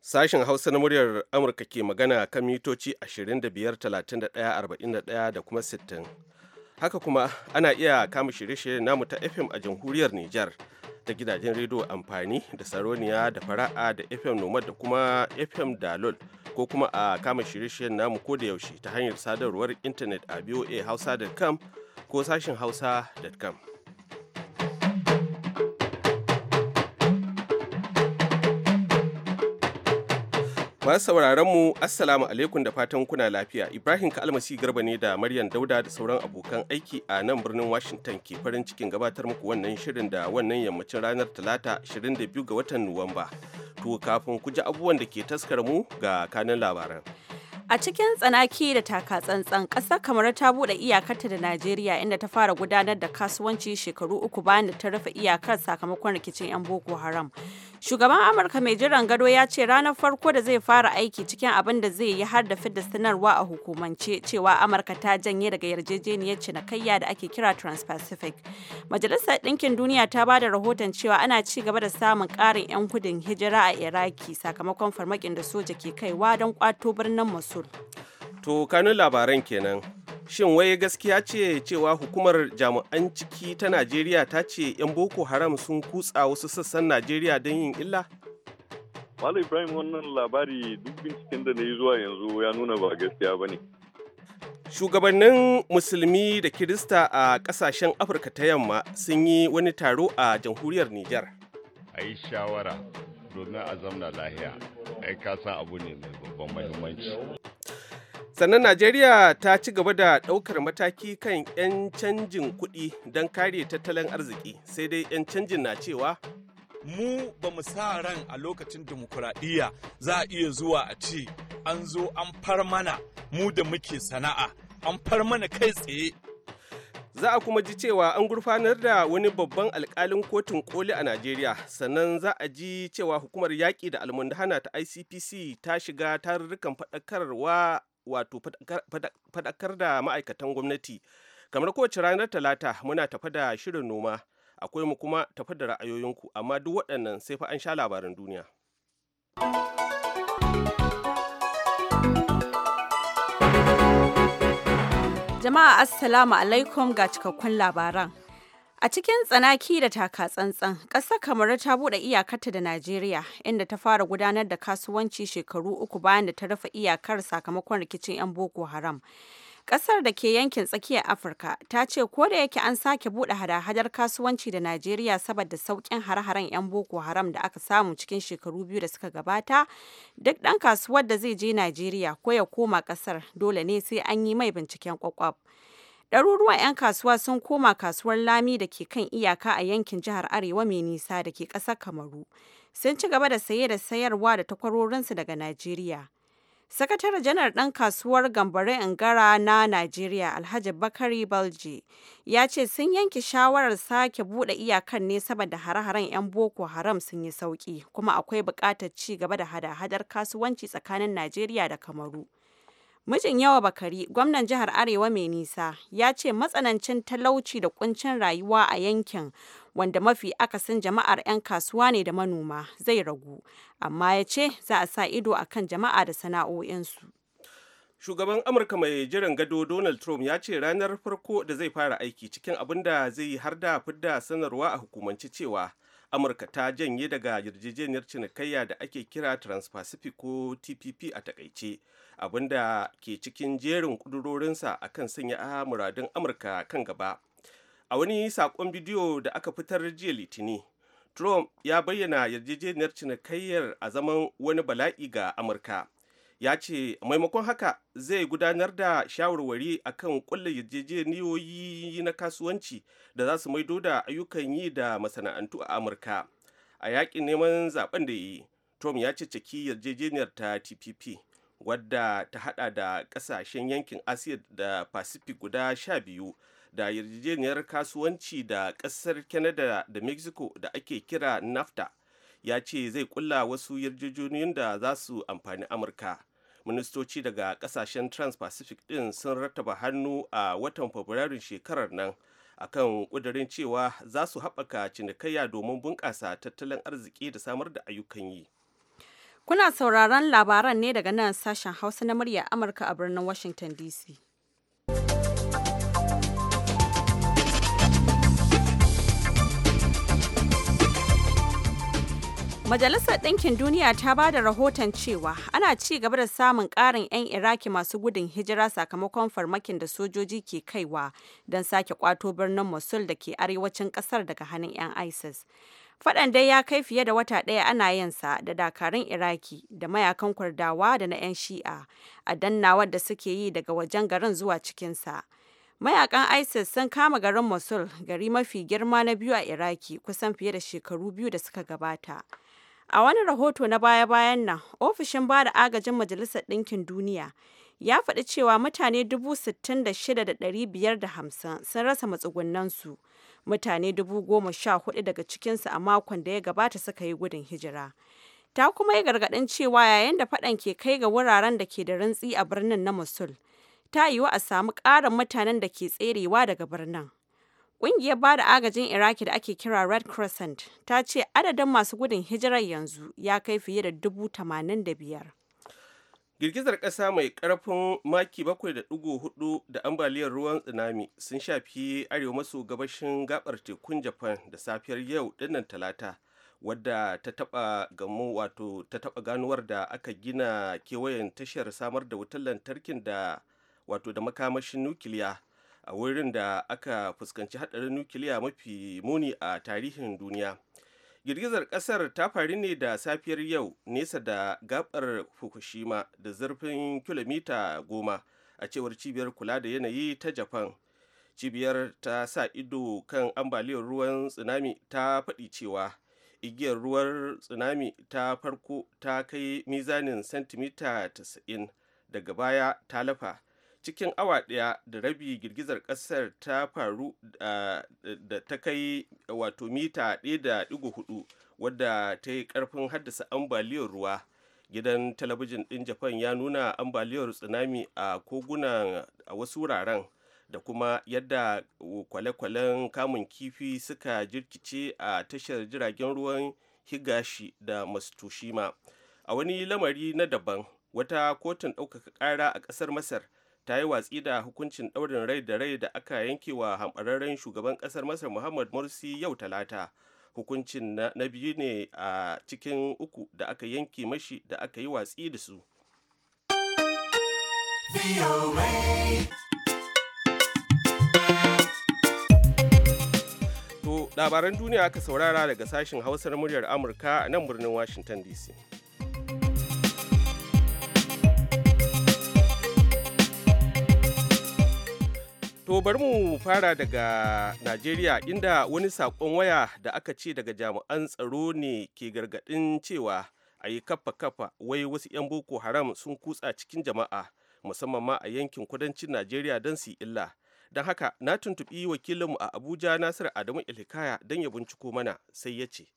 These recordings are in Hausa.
Sashen Hausa na muryar Amurka ke magana kan mitoci 25,31,41 da kuma 60. Haka kuma ana iya kama shirye-shiryen namu ta FM a jamhuriyar Nijar ta gidajen rediyo amfani da Saroniya da Fara'a da FM Nomad da kuma FM Dalol ko kuma a kama shirye-shiryen namu ko da yaushe ta hanyar sadarwar intanet a Hausa.com ko sashin hausa.com masu sauraron mu assalamu alaikum da fatan kuna lafiya ibrahim kalmasi garba ne da maryam dauda da sauran abokan aiki a nan birnin washington ke farin cikin gabatar muku wannan shirin da wannan yammacin ranar talata 22 ga watan nuwamba to kafin ku ji abubuwan da ke taskar mu ga kanin labaran A cikin tsanaki da takatsantsan, ƙasar kamar ta bude iyakarta da Najeriya inda ta fara gudanar da kasuwanci shekaru uku bayan da ta rufe iyakar sakamakon rikicin 'yan Boko Haram. Shugaban Amurka mai jiran gado ya ce ranar farko da zai fara aiki cikin abin da zai yi har da fidda sanarwa a hukumance cewa Amurka ta janye daga yarjejeniyar cinikayya da ake kira trans Majalisar Ɗinkin Duniya ta ba da rahoton cewa ana ci gaba da samun ƙarin 'yan gudun hijira a Iraki sakamakon farmakin da soja ke kaiwa don kwato birnin musu. Mansur. To kanun labaran kenan. Shin wai gaskiya ce cewa hukumar jami'an ciki ta Najeriya ta ce 'yan Boko Haram sun kutsa wasu sassan Najeriya don yin illa? Malam Ibrahim wannan labari duk binciken da na yi zuwa yanzu ya nuna ba gaskiya ba ne. Shugabannin Musulmi da Kirista a ƙasashen Afirka ta yamma sun yi wani taro a jamhuriyar Nijar. A yi shawara domin a zamna lahiya ai ka san abu ne mai babban mahimmanci sannan najeriya ta ci gaba da ɗaukar mataki kan 'yan canjin kuɗi don kare tattalin arziki sai dai 'yan canjin na cewa mu ba mu sa ran a lokacin dimokuraɗiyya za a iya zuwa a ce an zo an far mana mu da muke sana'a an far mana kai tsaye za a kuma ji cewa an gurfanar da wani babban alkalin kotun koli a najeriya sannan za a ji cewa hukumar yaƙi da almundahana ta icpc ta shiga tarurrukan fadakarwa wato faɗakar da ma'aikatan gwamnati kamar kowace ranar talata muna tafa da shirin noma akwai mu kuma tafa da ra'ayoyinku amma duk waɗannan sai fa an sha labaran duniya. Jama'a Assalamu alaikum ga cikakkun labaran. A cikin tsanaki da taka tsantsan, ƙasar kamar ta buɗe iyakarta da Najeriya, inda ta fara gudanar da kasuwanci shekaru uku bayan da ta rufe iyakar sakamakon rikicin 'yan Boko Haram. Kasar da ke yankin tsakiyar Afirka ta ce ko da yake an sake bude hada-hadar kasuwanci da Najeriya saboda saukin har haren 'yan Boko Haram da aka samu cikin shekaru biyu da suka gabata, duk ɗan kasuwar da zai je Najeriya ko ya koma kasar dole ne sai an yi mai binciken kwakwab. Ɗaruruwan 'yan kasuwa sun koma kasuwar Lami da ke kan iyaka a yankin jihar Arewa mai nisa da ke ƙasar Kamaru. Sun ci gaba da saye da sayarwa da takwarorinsu daga Najeriya. Sakatare janar ɗan kasuwar gambare Ngara na Najeriya Alhaji Bakari Balji ya ce sun yanke shawarar sake bude iyakan ne saboda hare-haren 'yan Boko Haram sun yi sauƙi kuma akwai buƙatar ci gaba da hada-hadar kasuwanci tsakanin Najeriya da Kamaru. Mijin Yawa Bakari, gwamnan jihar Arewa mai nisa, ya ce matsanancin talauci da kuncin rayuwa a yankin wanda mafi akasin jama'ar 'yan kasuwa ne da manoma zai ragu, amma ya ce za a sa ido a kan jama'a da sana'o'insu. Shugaban Amurka mai jiran gado Donald Trump ya ce ranar farko da zai fara aiki cikin abin da zai yi har da fidda sanarwa a hukumance cewa Amurka ta janye daga yarjejeniyar cinikayya da ake kira Trans-Pacific ko TPP a takaice. abinda ke cikin jerin kudurorinsa kan sanya muradun amurka kan gaba a wani saƙon bidiyo da aka fitar jiya litini trump ya bayyana yarjejeniyar cinikayyar a zaman wani bala'i ga amurka ya ce maimakon haka zai gudanar da shawarwari a kan kulle yarjejeniyoyi na kasuwanci da za su maido da ayyukan yi da masana'antu a amurka a yaƙin neman zaben da yi trump ya ce ceceki yarjejeniyar ta tpp wadda ta hada da kasashen yankin asiya da pacific guda sha biyu da yarjejeniyar kasuwanci da kasar canada da mexico da ake kira nafta ya ce zai kulla wasu yarjejeniyoyin da za su amfani amurka ministoci daga kasashen trans-pacific din sun rattaba hannu a watan fabrairun shekarar nan akan kudirin cewa za su haɓaka cinikayya domin bunƙasa tattalin arziki da samar da ayyukan yi Kuna sauraron labaran ne daga nan sashen Hausa na murya Amurka a birnin Washington DC. Majalisar Ɗinkin Duniya ta ba da rahoton cewa ana ci gaba da samun ƙarin 'yan Iraki masu gudun hijira sakamakon farmakin da sojoji ke kaiwa don sake kwato birnin Mosul da ke arewacin ƙasar daga hannun 'yan ISIS. Faɗan dai ya kai fiye da wata ɗaya ana yinsa da dakarun Iraki da mayakan Kurdawa da na 'yan Shi'a a dannawar da suke yi daga wajen garin zuwa cikinsa. Mayakan ISIS sun kama garin Mosul, gari mafi girma na biyu a Iraki kusan fiye da shekaru biyu da suka gabata. A wani rahoto na baya-bayan nan, ofishin ba da agajin Majalisar Ɗinkin Duniya ya faɗi cewa mutane 66,550 sun rasa matsugunansu mutane 14,000 daga cikinsu a makon da ya gabata suka yi gudun hijira ta kuma yi gargaɗin cewa yayin da faɗan ke kai ga wuraren da ke da rantsi a birnin na mosul ta yiwu a samu ƙarin mutanen da ke tserewa daga birnin Ƙungiyar ba da agajin Iraki da ake kira Red Crescent ta ce adadin masu gudun hijirar yanzu ya kai fiye da dubu tamanin da biyar. girgizar ƙasa mai ƙarfin maki 7.4 da ambaliyar ruwan tsunami sun shafi arewa maso gabashin gabar tekun japan da safiyar yau dinnan talata wadda ta taba gamu wato ta taba ganuwar da aka gina kewayen tashar samar da wutar lantarkin da wato da makamashin nukiliya a wurin da aka fuskanci hadarin nukiliya mafi muni a tarihin duniya girgizar kasar ta faru ne da safiyar yau nesa da gabar fukushima da zurfin kilomita goma a cewar cibiyar kula da yanayi ta japan cibiyar ta sa ido kan ambaliyar ruwan tsunami ta faɗi cewa igiyar ruwan tsunami ta farko ta kai mizanin santimita 90 daga baya ta lafa cikin awa ɗaya da rabi girgizar ƙasar ta faru da ta kai wato mita ɗaya da ɗigo hudu wadda ta yi ƙarfin haddasa ambaliyar ruwa gidan talabijin ɗin japan ya nuna ambaliyar tsunami a kogunan a wasu wuraren da kuma yadda kwale-kwalen kamun kifi suka jirkice a tashar jiragen ruwan higashi da mastushima a wani lamari na daban wata kotun ɗaukaka ƙara a ƙasar masar ta yi watsi da hukuncin ɗaurin rai da rai da aka yanke wa hamɓararren shugaban ƙasar masar muhammad morsi yau talata hukuncin na biyu ne a cikin uku da aka yanke mashi da aka yi watsi da su To labaran duniya aka saurara daga sashen hausar muryar Amurka nan birnin Washington DC. To bari mu fara daga Najeriya inda wani saƙon waya da aka ce daga jami'an tsaro ne ke gargaɗin cewa a yi kafa kafa wai wasu 'yan boko haram sun kutsa cikin jama'a musamman ma a yankin kudancin Najeriya don su illa. Don haka na tuntuɓi wakilinmu a Abuja Nasiru Adamu Ilhikaya don ya binciko mana sai ya ce.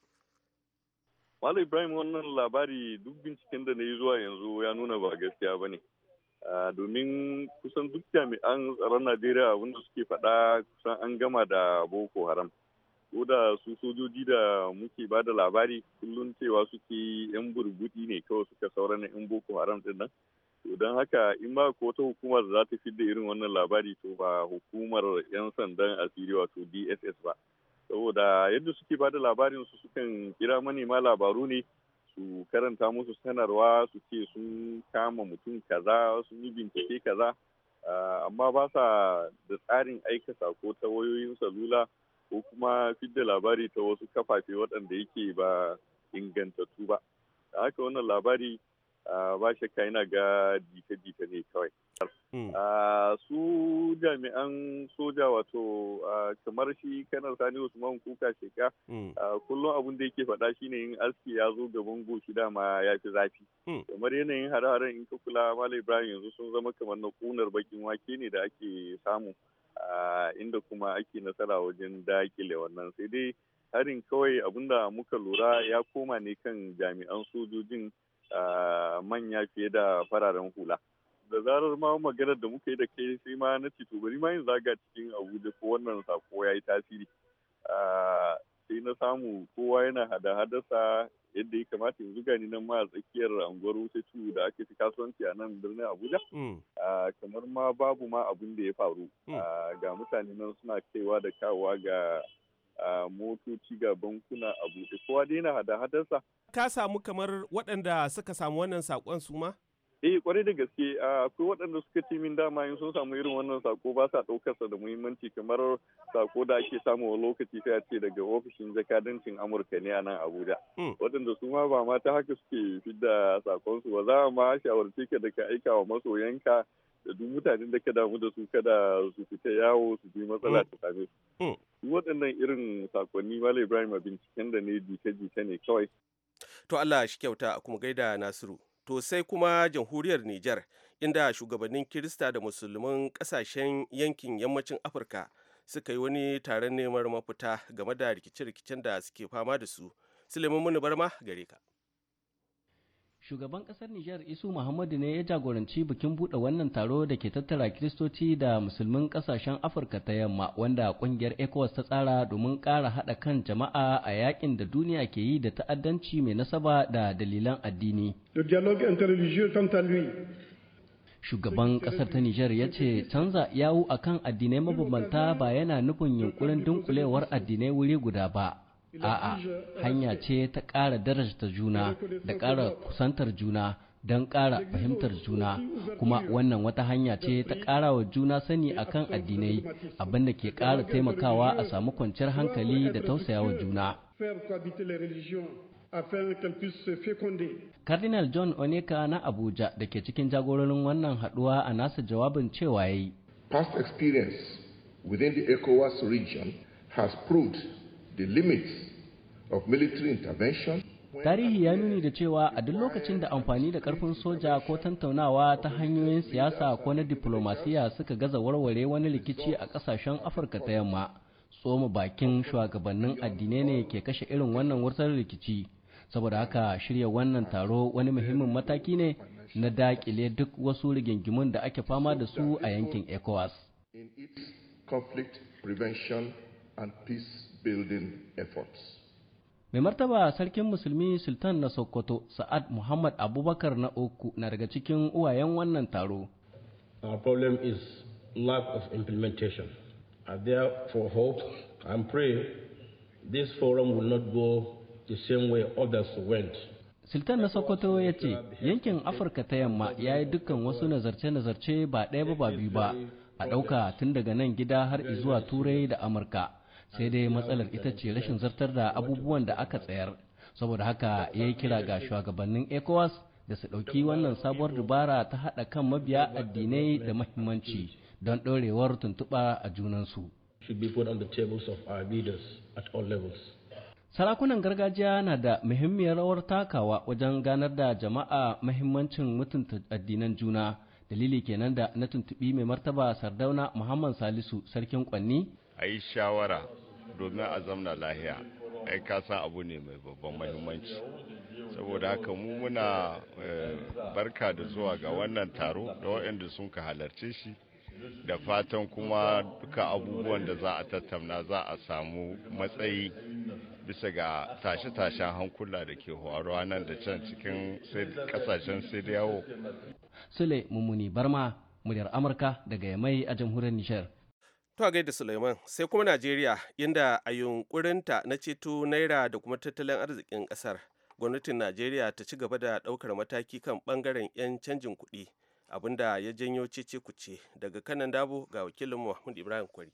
Malam Ibrahim wannan labari duk binciken da na yi zuwa yanzu ya nuna ba gaskiya ba ne. domin kusan duk jami'an tsaron najeriya abinda suke faɗa kusan an gama da boko haram ko da su sojoji da muke ba da labari kullum cewa suke yan burbuɗi ne kawai suka saura na yan boko haram din nan to don haka in ba ko wata hukumar za ta fidda irin wannan labari to ba hukumar yan sandan asiri wato dss ba saboda yadda suke ba da labarin su sukan kira manema labaru ne su karanta musu sanarwa su ce sun kama mutum kaza sun yi bincike kaza ah, amma ba sa da tsarin aika sako ta wayoyin salula ko kuma fidda labari ta wasu kafafe waɗanda yake ba ingantattu ba da haka wannan labari ba shi shakka yana ga jita-jita ne kawai. Hmm. Su jami'an soja wato kamar shi kanar Sani Usman kuka sheka hmm. kullum abin da yake faɗa shine yin aski ya zo gaban goshi dama ya fi zafi. Hmm. Kamar yanayin hare-haren in ka kula Malam Ibrahim yanzu sun zama kamar na ƙunar bakin wake ne da ake samu inda kuma ake nasara wajen dakile wannan sai dai harin kawai abinda muka lura ya koma ne kan jami'an sojojin manya fiye da fararen hula da zarar ma maganar da muka yi da kai sai ma na ce to bari ma yin zaga cikin abuja ko wannan sako ya yi tasiri sai na samu kowa yana hada hadasa yadda ya kamata yanzu gani nan ma a tsakiyar anguwar wuce ciwo da ake ci kasuwanci a nan birnin abuja mm. kamar ma babu ma abin da ya faru mm. ga mutane nan suna kaiwa da kawowa ga A motoci ga bankuna a buɗe kowa daina hada-hadarsa. Ka samu kamar waɗanda suka samu wannan saƙon su ma? Eh kwarai da gaske akwai waɗanda suka ce min dama in sun samu irin wannan sako ba sa ɗaukarsa da muhimmanci kamar sako da ake samu a lokaci sai a ce daga ofishin jakadancin Amurka ne a nan Abuja. Hmm. Waɗanda su ma ba mata haka suke fidda sakonsu ba za a ma shawarci ka da ka aika wa masoyanka da duk mutanen da ke damu da su kada su fita yawo su ji matsala ta same hmm. Hmm. su. waɗannan irin sakonni Malam Ibrahim binciken da ne jita-jita ne kawai. To Allah shi kyauta kuma gaida Nasiru. To sai kuma jamhuriyar Nijar inda shugabannin Kirista da Musulman ƙasashen yankin yammacin Afirka suka yi wani taron neman mafita game da rikice-rikicen da suke fama da su. Suleiman Muni Barma gare ka. Shugaban ƙasar Nijar Isu Muhammadu ne ya jagoranci bikin buɗe wannan taro da ke tattara Kiristoci da Musulmin ƙasashen Afirka ta yamma wanda ƙungiyar ECOWAS ta tsara domin ƙara haɗa kan jama'a a yakin da duniya ke yi da ta'addanci mai nasaba da dalilan addini. shugaban ƙasar ta Nijar ya ce canza yawo akan addinai mabambanta ba yana nufin yunkurin dunkulewar addinai wuri guda ba a'a eh, hanya eh, ce ta ƙara darajta juna da ƙara kusantar juna don ƙara fahimtar juna kuma wannan wata hanya ce ta ƙara wa juna sani akan addinai abinda ke ƙara taimakawa a samu kwanciyar hankali da tausayawa juna Cardinal John Oneka na Abuja da ke cikin jagororin wannan haɗuwa a nasa jawabin cewa ya yi. Past experience within the ECOWAS region has proved the limits of military intervention tarihi ya nuni da cewa a duk lokacin da amfani da karfin soja ko tantaunawa ta hanyoyin siyasa ko na diplomasiya suka gaza warware wani rikici a kasashen afirka ta yamma tsoma bakin shugabannin addinai ne ke kashe irin wannan wurtar rikici saboda haka shirya wannan taro wani muhimmin mataki ne na dakile duk wasu rigingimun da ake fama da su a yankin ecowas in its conflict prevention and peace building efforts. Mai martaba sarkin musulmi Sultan na Sokoto Sa'ad Muhammad Abubakar na uku na daga cikin uwayen wannan taro. Our problem is lack of implementation. I therefore hope and pray this forum will not go the same way others went. Sultan na Sokoto ya ce yankin Afirka ta yamma ya yi dukkan wasu nazarce-nazarce ba ɗaya ba ba biyu ba a ɗauka tun daga nan gida har zuwa Turai da Amurka. sai dai matsalar ita ce rashin zartar da abubuwan da aka tsayar saboda haka ya yi kira ga shugabannin ecowas da su ɗauki wannan sabuwar dubara ta haɗa kan mabiya addinai da mahimmanci don ɗorewar tuntuɓa a junansu. Sarakunan gargajiya na da muhimmiyar rawar takawa wajen ganar da jama'a mahimmancin mutunta addinan juna. Dalili kenan da na tuntuɓi mai martaba Sardauna Muhammad Salisu Sarkin Kwanni a yi shawara domin a zamna lahiya ai ka san abu ne mai babban mahimmanci saboda haka mu muna eh, barka da zuwa ga wannan taro da waɗanda sun ka halarce shi da fatan kuma duka abubuwan da za a tattauna za a samu matsayi bisa ga tashe-tashen hankula da ke horuwa nan da can cikin kasashen sai da yawo. Sule Mummuni Barma, muryar Amurka daga Yamai a jamhuriyar Nishar. To a gaida Suleiman sai kuma Najeriya inda a yunkurinta na ceto naira da kuma tattalin arzikin kasar gwamnatin Najeriya ta ci gaba da ɗaukar mataki kan ɓangaren 'yan canjin kuɗi abinda ya janyo cece kuce daga kanan dabo ga wakilin Muhammad Ibrahim Kwari.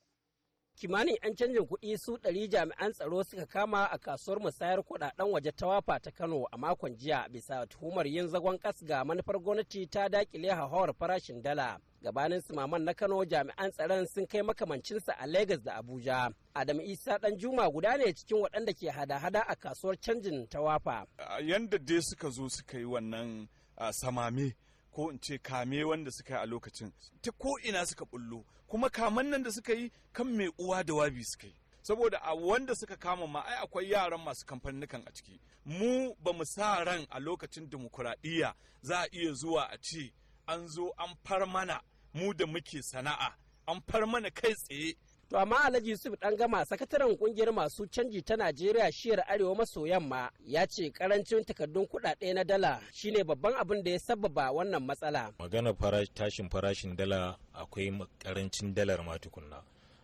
kimanin 'yan canjin kuɗi su ɗari jami'an tsaro suka kama a kasuwar musayar kuɗaɗen waje ta wafa ta kano a makon jiya bisa tuhumar yin zagon kas ga manufar gwamnati ta dakile hauhawar farashin dala gabanin maman na kano jami'an tsaron sun kai makamancinsa a Legas da abuja adam isa dan juma guda ne cikin waɗanda ke hada-hada a kasuwar canjin ta wafa yanda dai suka zo suka yi wannan samame ko in ce kame wanda suka yi a lokacin ta ko ina suka bullo kuma kaman nan da suka yi kan mai uwa da wabi suka yi saboda a wanda suka kama ma ai akwai yaran masu kamfanukan a ciki mu ba mu sa ran a lokacin dimokuraɗiyya za a iya zuwa a ce an zo an far mana mu da muke sana'a an far mana kai tsaye To amma Alhaji Yusuf Dangama sakataren kungiyar masu canji ta Najeriya shiyar Arewa maso yamma ya ce karancin takardun kuɗaɗe na dala shine babban abin da ya sababa wannan matsala. Magana tashin farashin dala akwai karancin dalar ma tukunna.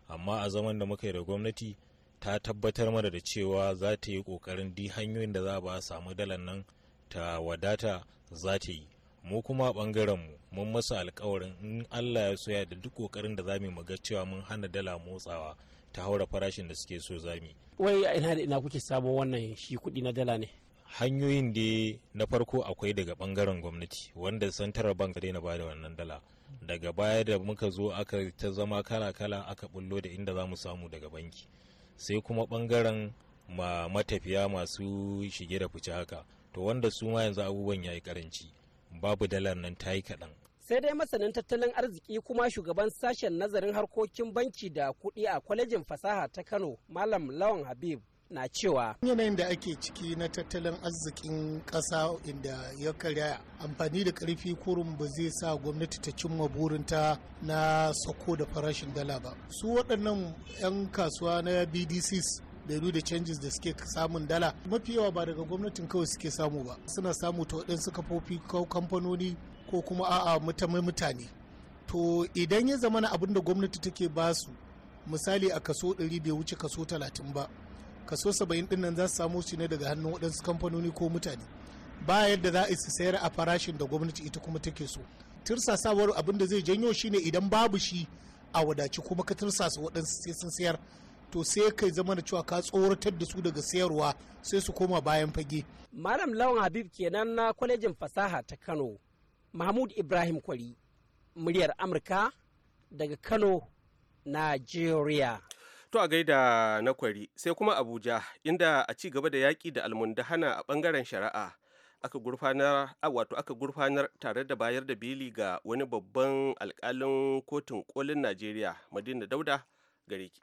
Amma a zaman da muka yi da gwamnati ta tabbatar mana da cewa za ta yi kokarin di hanyoyin da za a ba samu dalar nan ta wadata za ta yi. mu kuma bangaren mu mun masa alkawarin in Allah ya soya da duk kokarin da zamu mu ga cewa mun hana dala motsawa ta haura farashin da suke so zami. Wai a ina da ina kuke samu wannan shi kudi na dala ne? Hanyoyin da na farko akwai daga bangaren gwamnati wanda santarar bank na ba da wannan dala. Daga baya da muka zo aka ta zama kala-kala aka bullo da inda zamu samu daga banki. Sai kuma bangaren ma matafiya masu shige da fice haka. To wanda su ma yanzu abubuwan ya yi karanci. babu dalar nan ta yi kaɗan. sai dai masanin tattalin arziki kuma shugaban sashen nazarin harkokin banki da kuɗi a kwalejin fasaha ta kano malam lawan habib na cewa yanayin da ake ciki na tattalin arzikin ƙasa inda ya karya amfani da ƙarfi kurum ba zai sa gwamnati ta cimma burinta na sako da farashin dala ba su waɗannan 'yan kasuwa na bdcs ɗabi'u da canjis da suke samun dala mafi yawa ba daga gwamnatin kawai suke samu ba suna samu ta waɗansu kafofi ko kamfanoni ko kuma a'a mutane to idan ya zama na abin da gwamnati take basu misali a kaso 100 bai wuce kaso talatin ba kaso 70 din nan za su samu su ne daga hannun waɗansu kamfanoni ko mutane ba yadda za a su sayar a farashin da gwamnati ita kuma take so tursasawar abin da zai janyo shine idan babu shi a wadaci kuma ka tursasa waɗansu sai sun sayar to sai kai zama da cewa ka tsoratar da su daga sayarwa sai su koma bayan fage. Malam Lawan Habib kenan na kwalejin fasaha ta Kano, Mahmud Ibrahim Kwari, muryar Amurka daga Kano, Najeriya. To a gaida na kwari sai kuma Abuja inda a ci gaba da yaƙi da almundahana a ɓangaren shari'a aka gurfanar wato aka gurfanar tare da bayar da beli ga wani babban alkalin kotun kolin Najeriya Madina Dauda gare ki.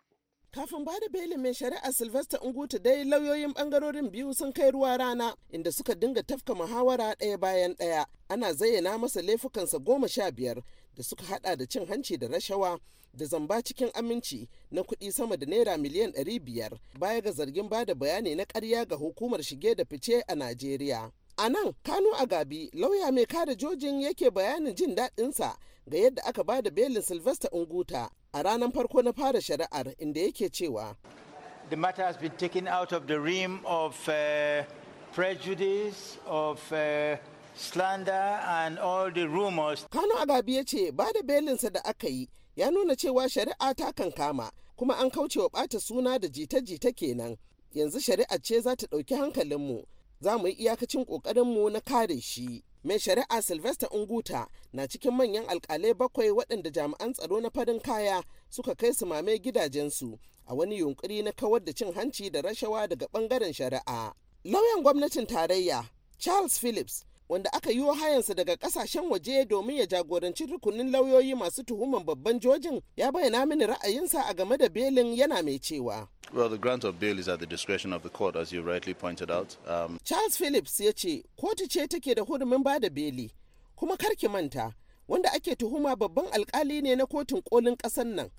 Kafin ba da belin mai shari'a Sylvester Unguta dai lauyoyin bangarorin biyu sun kai ruwa rana inda suka dinga tafka muhawara ɗaya bayan ɗaya. Ana zayyana masa laifukansa goma sha biyar da suka haɗa da cin hanci da rashawa da zamba cikin aminci na kuɗi sama da naira miliyan ɗari biyar baya ga zargin ba da bayani na ƙarya ga hukumar shige da fice a Najeriya. A nan Kano Agabi lauya mai kare jojin yake bayanin jin daɗinsa ga yadda aka ba da belin Sylvester Unguta a ranar farko na fara shari'ar inda yake cewa the matter has been taken out of the realm of uh, prejudice of uh, slander and all the rumors kano agabi ya ce ba da belinsa da aka yi ya nuna cewa shari'a ta kan kama kuma an kauce wa bata suna da jita-jita kenan yanzu shari'a ce za ta ɗauki hankalinmu za mu yi iyakacin ƙoƙarinmu na kare shi mai shari'a sylvester unguta na cikin manyan alkalai bakwai waɗanda jami'an tsaro na farin kaya suka kai su mame gidajensu a wani yunkuri na kawar da cin hanci da rashawa daga ɓangaren shari'a lauyan gwamnatin tarayya charles phillips wanda aka yi hayansa daga kasashen waje domin ya jagoranci rukunin lauyoyi masu tuhuman babban jojin ya bayyana mini ra'ayinsa a game da belin yana mai cewa Well, the grant of bail is at the discretion of the court, as you rightly pointed out. Um... Charles Phillips ya ce, kotu ce take da hurumin ba da beli, kuma karki manta, wanda ake tuhuma babban alkali ne na kotun kolin kasan nan.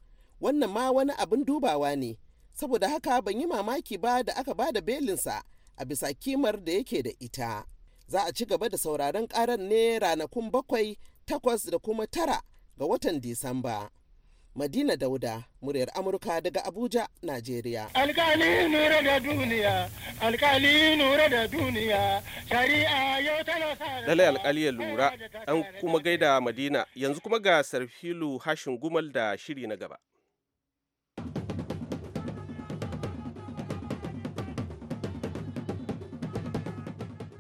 Wannan ma wani abin dubawa ne, saboda haka ban yi mamaki ba da aka ba da belinsa a bisa kimar da yake da ita. za a ci gaba da sauraron karar ne ranakun bakwai takwas da kuma tara ga watan disamba madina dauda muryar amurka daga abuja najeriya alkali nura da duniya alkali nura da duniya shari'a yau tana lalai alkali ya lura an kuma gaida madina yanzu kuma ga sarfilu hashin gumal da shiri na gaba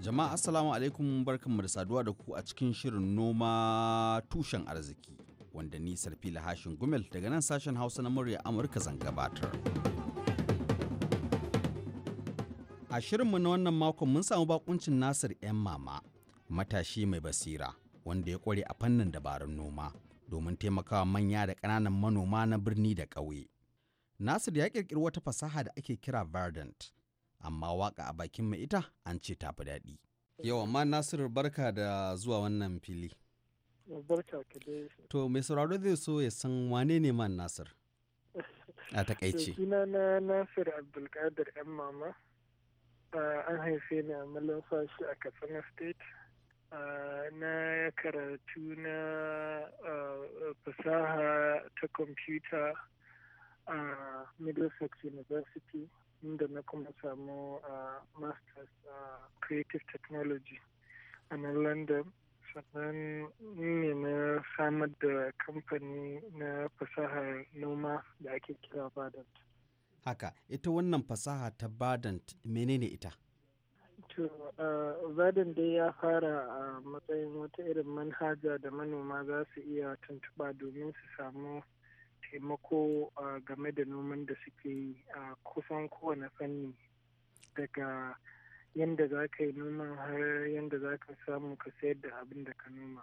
Jama'a Assalamu alaikum barkanmu da saduwa da ku a cikin shirin noma tushen arziki wanda ni Sarfila Hashin Gumel daga nan sashen Hausa na murya Amurka zan gabatar. A shirinmu na wannan makon mun samu bakuncin Nasir 'yan mama matashi mai basira wanda ya kware a fannin dabarun noma domin taimakawa manya da ƙananan manoma na birni da ƙauye. Nasir ya ƙirƙiri wata fasaha da ake kira Verdant amma waka a bakin mai ita an ce ta tafi daɗi. Yau amma Nasiru barka da zuwa wannan fili. Barka ka dai. To mai sauraro zai so ya san wane ne man Nasir? A takaice. Suna na Nasir Abdulkadir ‘yan mama. An haife ni a Malumfashi a Katsina State. Na karatu na fasaha ta kwamfuta a Middlesex University. inda na kuma samu masters a creative technology a nan london sannan ne na samar da kamfani na fasahar noma da ake kira badant haka ita wannan fasaha ta badant menene ita to badant dai ya fara a matsayin wata irin manhaja da manoma za su iya tuntuba domin su samu taimako game da noman da suke yi a kusan kowane fanni daga yadda za ka yi noman har yadda za ka samu ka sayar da abin da ka noma.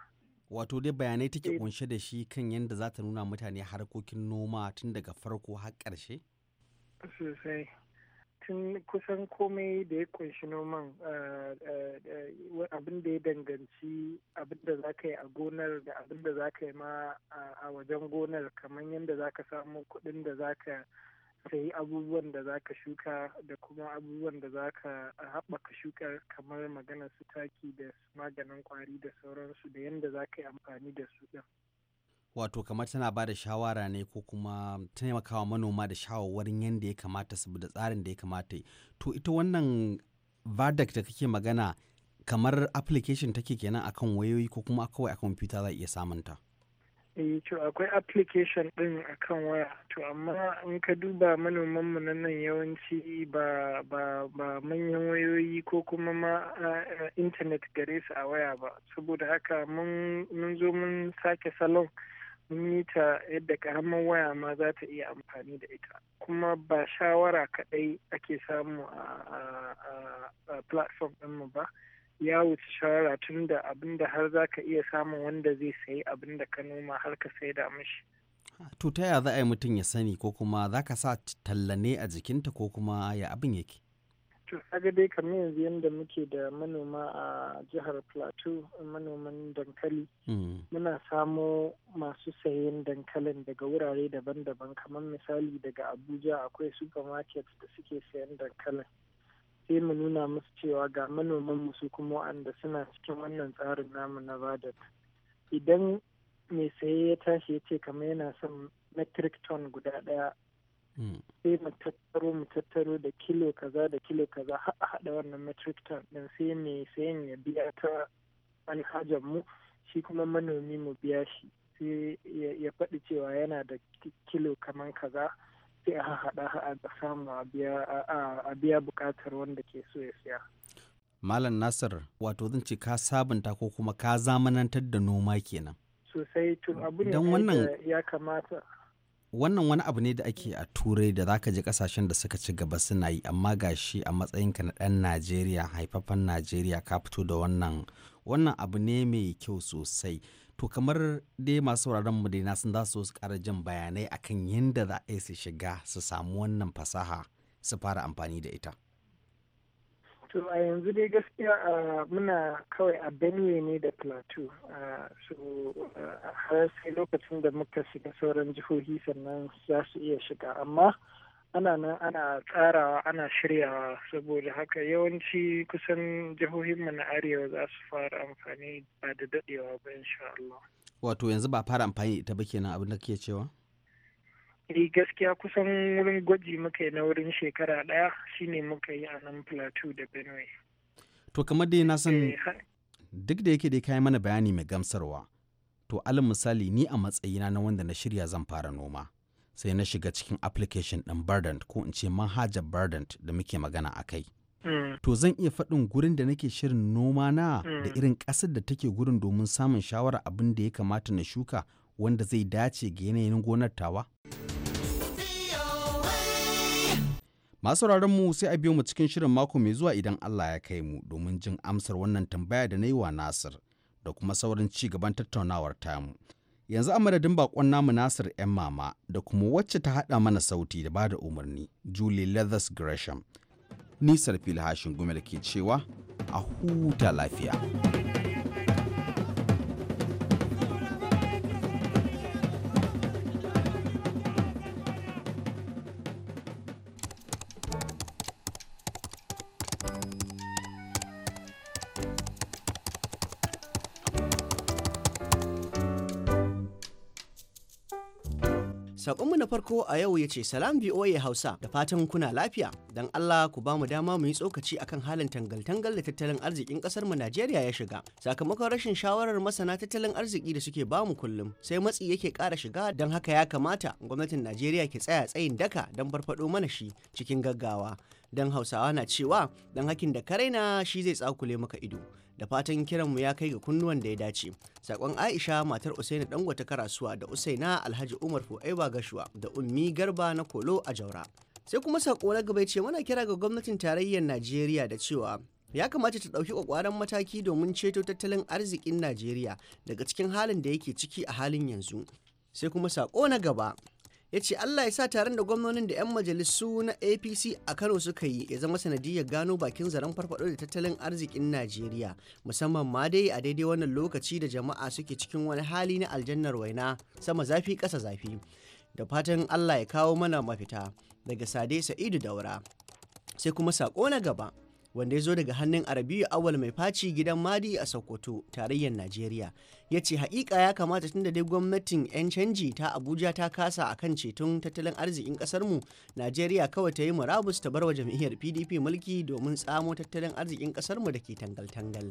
Wato dai bayanai take eh. kunshe da shi kan yadda za ta nuna mutane harkokin noma tun daga farko har ƙarshe? Sosai. tun kusan komai da ya kunshi noman eh, eh, eh, abin da ya danganci abin da za ka yi a gonar da abin da za ka yi ma a wajen gonar kamar yadda za ka samu kuɗin da za ka sayi abubuwan da za ka shuka da kuma abubuwan da za ka haɓaka shukar kamar maganar su taki da maganin kwari da sauransu da yadda za ka yi amfani da su ɗin. wato kamar tana ba da shawara ne ko kuma taimakawa manoma da shawarwarin yadda ya kamata su da tsarin da ya kamata to ita wannan verdict da kake magana kamar application take kenan akan wayoyi ko kuma kawai a kwamfuta za a iya samunta eh to akwai application din akan waya to amma in ka duba manoman mu nan yawanci ba ba ba manyan wayoyi ko kuma ma eh, internet gare su a waya ba saboda haka mun mun zo mun sake salon mita yadda karamin waya ma za ta iya amfani da ita kuma ba shawara kadai ake samu a platform ɗinmu ba ya wuce shawara tun da abin har za ka iya samun wanda zai sayi abin da ka noma har ka sai da mishi ta ya za a yi mutum ya sani ko kuma za ka sa talla ne a jikinta ko kuma ya abin yake to kaga dai kamar yanzu yadda muke da manoma a jihar plateau manoman dankali mm. muna samo masu sayen dankalin daga wurare daban-daban kamar misali daga abuja akwai supermarket da suke sayan dankalin sai mu nuna musu cewa ga manoman musu kuma wanda suna cikin wannan tsarin namu na badat idan mai saye ya tashi ya ce kamar yana son metric ton guda daya Mm. sai mu tattaro mu tattaro da kilo kaza da kilo kaza haɗa haɗa wannan metric ton ɗin sai mai sayan ya biya ta manhajar mu shi kuma manomi mu biya shi sai ya faɗi cewa yana da kilo kaman kaza sai a haɗa haɗa da samu a biya buƙatar wanda ke so ya siya. Malam Nasir, wato zan ce ka sabunta ko kuma ka zamanantar da noma kenan. Sosai tun abu ne ya kamata. wannan wani abu ne da ake a turai da zaka je kasashen da suka ci gaba suna yi amma gashi a matsayin ka na dan najeriya haifafan najeriya ka fito da wannan wannan abu ne mai kyau sosai to kamar dai masu sauraron mu na sun za su kara jin bayanai akan yadda za a yi su shiga su samu wannan fasaha su fara amfani da ita so a yanzu dai gaskiya muna kawai a benue ne da plateau so har sai lokacin da muka shiga sauran jihohi sannan za su iya shiga amma ana nan ana tsarawa ana shiryawa saboda haka yawanci kusan jihohinmu na arewa za su fara amfani ba da dadewa ba insha Allah. Wato yanzu ba fara amfani ita ba kenan abin da kake cewa? eh gaskiya kusan wurin gwaji muka yi na wurin shekara ɗaya shine muka yi a nan plateau da benue to kamar dai na san eh, duk da yake da kayi mana bayani mai gamsarwa to alin misali ni a matsayina na wanda na shirya zan fara noma sai na shiga cikin application ɗin Bardant ko in ce manhajar Bardant da muke magana a kai. Mm. To zan iya faɗin gurin da nake shirin noma na da mm. irin ƙasar da take gurin domin samun shawarar abin da ya kamata na shuka wanda zai dace ga yanayin gonar tawa? Masu mu sai a biyo mu cikin shirin mako mai zuwa idan Allah ya kai mu domin jin amsar wannan tambaya da na yi wa Nasir da kuma saurin ci gaban tattaunawar tamu. Yanzu a madadin bakon namu Nasir 'yan mama da kuma wacce ta haɗa mana sauti da bada umarni Julie Leathers Gresham. Nisar hashin Gumel ke cewa a huta lafiya. da farko a yau ya ce salam VOA Hausa da fatan kuna lafiya don Allah ku ba mu dama mu yi tsokaci akan halin tangal-tangal da tattalin arzikin kasar mu Najeriya ya shiga sakamakon rashin shawarar masana tattalin arziki da suke bamu kullum sai matsi yake kara shiga don haka ya kamata gwamnatin Najeriya ke tsaya tsayin daka don farfado mana shi cikin gaggawa don Hausawa na cewa don hakin da karaina shi zai tsakule maka ido da fatan kiranmu ya kai ga kunnuwan da ya dace sakon aisha matar usaini dangwata karasuwa da usaina alhaji umar fu'aiba gashuwa da ummi garba na kolo a jaura sai kuma sako na gaba ce muna kira ga gwamnatin tarayyar najeriya da cewa ya kamata ta ɗauki ƙwaƙwaran mataki domin ceto tattalin arzikin najeriya daga cikin halin da yake ciki a halin yanzu sai kuma sako na gaba ya ce Allah ya sa taron da gwamnonin da 'yan majalisu na APC a Kano suka yi ya zama sanadiyar gano bakin zaren farfado da tattalin arzikin Najeriya musamman ma dai a daidai wannan lokaci da jama'a suke cikin wani hali na aljannar waina sama zafi ƙasa zafi da fatan Allah ya kawo mana mafita daga Sade Sa'idu Daura sai kuma saƙo na gaba wanda ya zo daga hannun arabiyu awal mai faci gidan madi a sokoto tarayyar najeriya ya ce haƙiƙa ya kamata tunda dai gwamnatin 'yan canji ta abuja ta kasa a kan ceton tattalin arzikin ƙasarmu najeriya kawai ta yi murabus ta bar wa jam'iyyar pdp mulki domin tsamo tattalin arzikin ƙasarmu da ke tangal-tangal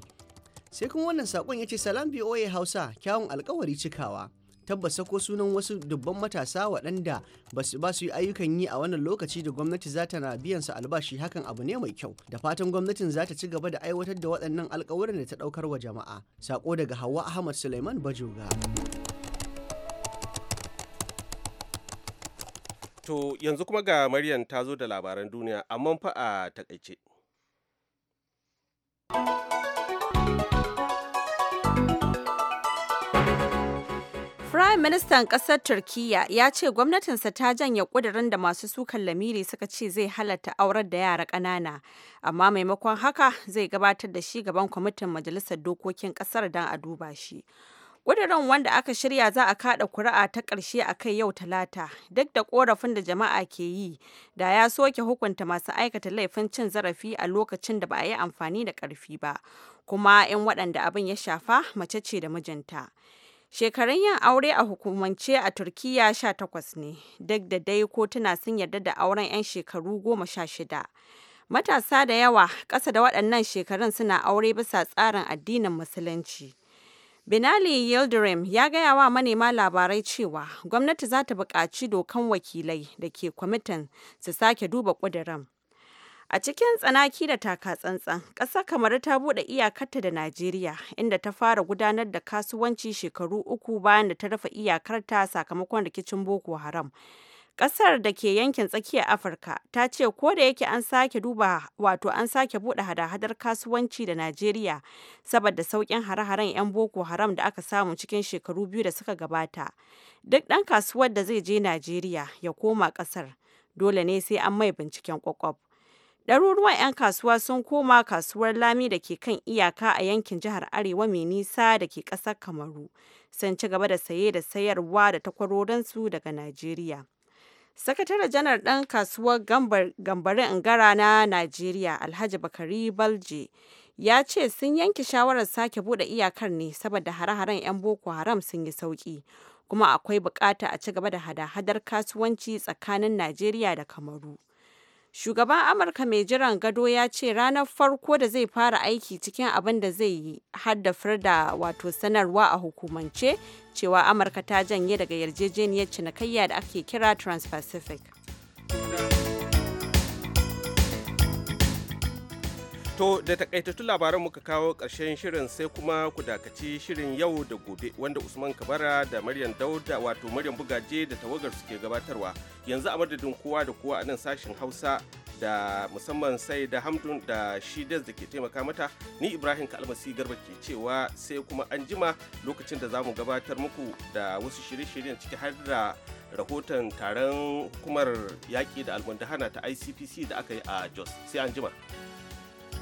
sai kuma wannan saƙon ya ce salam voa hausa kyawun alkawari cikawa tabbasa ko sunan wasu dubban matasa waɗanda ba su yi ayyukan yi a wannan lokaci da gwamnati za ta na biyan su albashi hakan abu ne mai kyau da fatan gwamnatin za ta ci gaba da aiwatar da waɗannan alƙawuran da ta ɗaukar wa jama'a sako daga hawa Ahmad Suleiman Bajoga. To yanzu kuma ga Maryam ta zo da labaran duniya amma fa a takaice. Prime Ministan ƙasar Turkiyya ya ce gwamnatinsa ta janye ƙudurin da masu sukan lamiri suka ce zai halatta aurar da yara ƙanana, amma maimakon haka zai gabatar da shi gaban kwamitin Majalisar Dokokin ƙasar don a duba shi. Ƙudurin wanda aka shirya za a kaɗa kuri'a ta ƙarshe a kai yau Talata, duk da ƙorafin da jama'a ke yi, da ya soke hukunta masu aikata laifin cin zarafi a lokacin da ba a yi amfani da ƙarfi ba, kuma in waɗanda abin ya shafa mace ce da mijinta. Shekarun yin aure a hukumance a Turkiyya sha takwas ne, duk da dai kotuna sun yarda da auren 'yan shekaru goma sha shida. Matasa da yawa ƙasa da waɗannan shekarun suna aure bisa tsarin addinin Musulunci. Binali Yildirim ya gaya wa manema labarai cewa gwamnati za ta buƙaci dokan wakilai da ke kwamitin su sake duba ƙudurin. A cikin tsanaki da taka-tsantsan, ƙasa kamar ta buɗe iyakarta da Najeriya, inda ta fara gudanar da kasuwanci shekaru uku bayan da ta rufe iyakarta sakamakon rikicin Boko Haram. Ƙasar da ke yankin tsakiyar Afirka ta ce ko da yake an sake duba wato an sake buɗe hada-hadar kasuwanci da Najeriya saboda sauƙin hare-haren 'yan Boko Haram da aka samu cikin shekaru biyu da suka gabata. Duk ɗan kasuwar da zai je Najeriya ya koma ƙasar, dole ne sai an mai binciken ƙwaƙwaf. Ɗaruruwan 'yan kasuwa sun koma kasuwar Lami da ke kan iyaka a yankin jihar Arewa mai nisa da ke ƙasar Kamaru, sun ci gaba da saye da sayarwa da takwarorinsu daga Najeriya. Sakatare janar ɗan kasuwar gambarin Ngara na Najeriya, Alhaji Bakari Balje, ya ce sun yanke shawarar sake bude iyakar ne saboda hare-haren 'yan boko haram sun yi sauƙi, kuma akwai buƙata a ci gaba da hada-hadar kasuwanci tsakanin najeriya da kamaru Shugaban Amurka mai jiran gado ya ce ranar farko da zai fara aiki cikin abin da zai yi haddafar da wato sanarwa a hukumance cewa Amurka ta janye daga yarjejeniyar cinikayya da ake kira Trans-Pacific. To da takaitattun labaran muka kawo ƙarshen shirin sai kuma ku dakaci shirin yau da gobe wanda Usman Kabara da Maryam Dauda wato Maryam Bugaje da tawagar suke gabatarwa. Yanzu a madadin kowa da kowa a nan sashen Hausa da musamman sai da Hamdun da Shides da ke taimaka mata ni Ibrahim Kalmasi Garba ke cewa sai kuma an jima lokacin da zamu gabatar muku da wasu shirye-shiryen ciki har da rahoton taron hukumar yaƙi da almundahana ta ICPC da aka yi a Jos sai an jima.